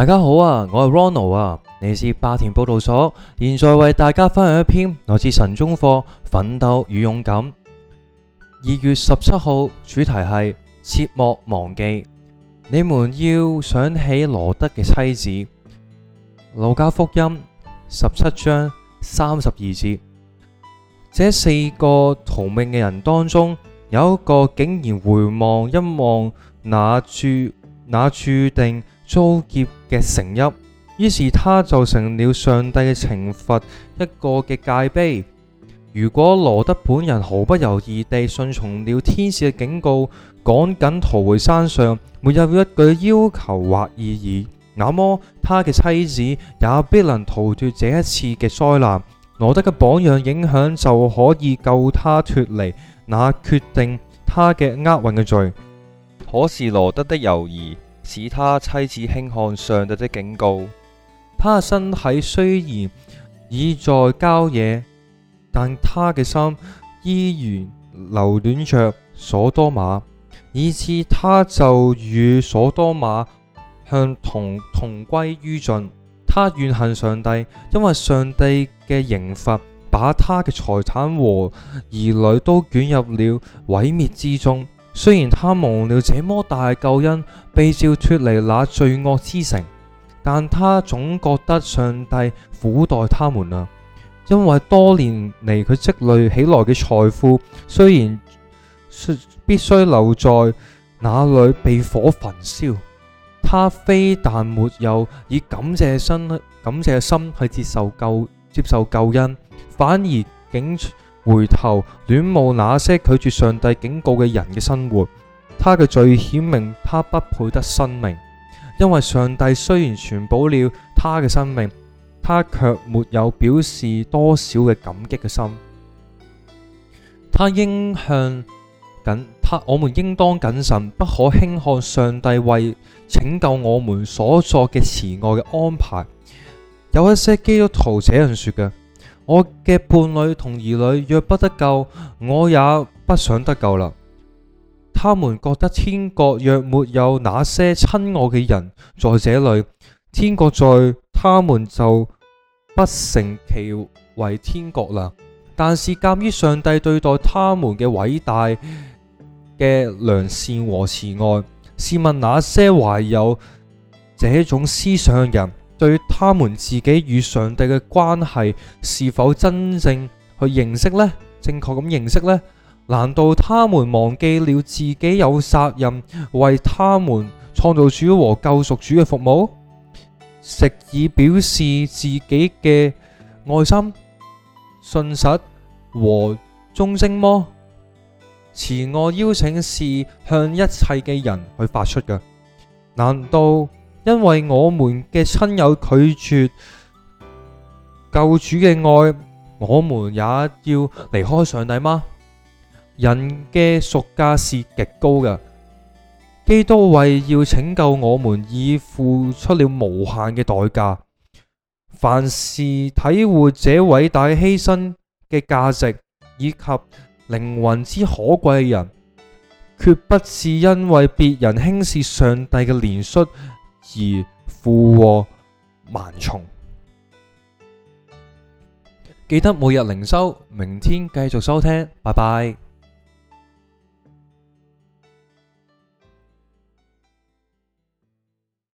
大家好啊，我係 Ronald 啊，嚟自霸田報道所，現在為大家分享一篇來自神中課《奮鬥與勇敢》。二月十七號，主題係切莫忘記，你們要想起羅德嘅妻子。路加福音十七章三十二節，這四個逃命嘅人當中，有一個竟然回望一望那注那注定。遭劫嘅成因，於是他就成了上帝嘅懲罰一個嘅戒碑。如果羅德本人毫不猶豫地順從了天使嘅警告，趕緊逃回山上，沒有一句要求或異議，那麼他嘅妻子也必能逃脫這一次嘅災難。羅德嘅榜樣影響就可以救他脫離那決定他嘅厄運嘅罪。可是羅德的猶疑，使他妻子輕看上帝的警告。他身體雖然已在郊野，但他嘅心依然留戀着所多瑪，以致他就與所多瑪向同同歸於盡。他怨恨上帝，因為上帝嘅刑罰把他嘅財產和兒女都捲入了毀滅之中。雖然他蒙了這麼大救恩，被召脱離那罪惡之城，但他總覺得上帝苦待他們啦。因為多年嚟佢積累起來嘅財富，雖然必須留在那裏被火焚燒，他非但沒有以感謝身、感謝心去接受救、接受救恩，反而竟。回頭戀慕那些拒絕上帝警告嘅人嘅生活，他嘅罪顯明，他不配得生命，因為上帝雖然全保了他嘅生命，他却沒有表示多少嘅感激嘅心。他應向謹，他我們應當謹慎，不可輕看上帝為拯救我們所作嘅慈愛嘅安排。有一些基督徒這樣說嘅。我嘅伴侶同兒女若不得救，我也不想得救啦。他們覺得天國若沒有那些親愛嘅人在這裏，天國在他們就不成其為天國啦。但是鑒於上帝對待他們嘅偉大嘅良善和慈愛，試問那些懷有這種思想嘅人，對他們自己與上帝嘅關係是否真正去認識呢？正確咁認識呢？難道他們忘記了自己有責任為他們創造主和救贖主嘅服務，食以表示自己嘅愛心、信實和忠貞麼？慈愛邀請是向一切嘅人去發出嘅，難道？因為我們嘅親友拒絕救主嘅愛，我們也要離開上帝嗎？人嘅贖價是極高嘅，基督為要拯救我們，已付出了無限嘅代價。凡是體會這偉大犧牲嘅價值以及靈魂之可貴嘅人，絕不是因為別人輕視上帝嘅憐恤。而富獲萬重，記得每日靈修，明天繼續收聽，拜拜。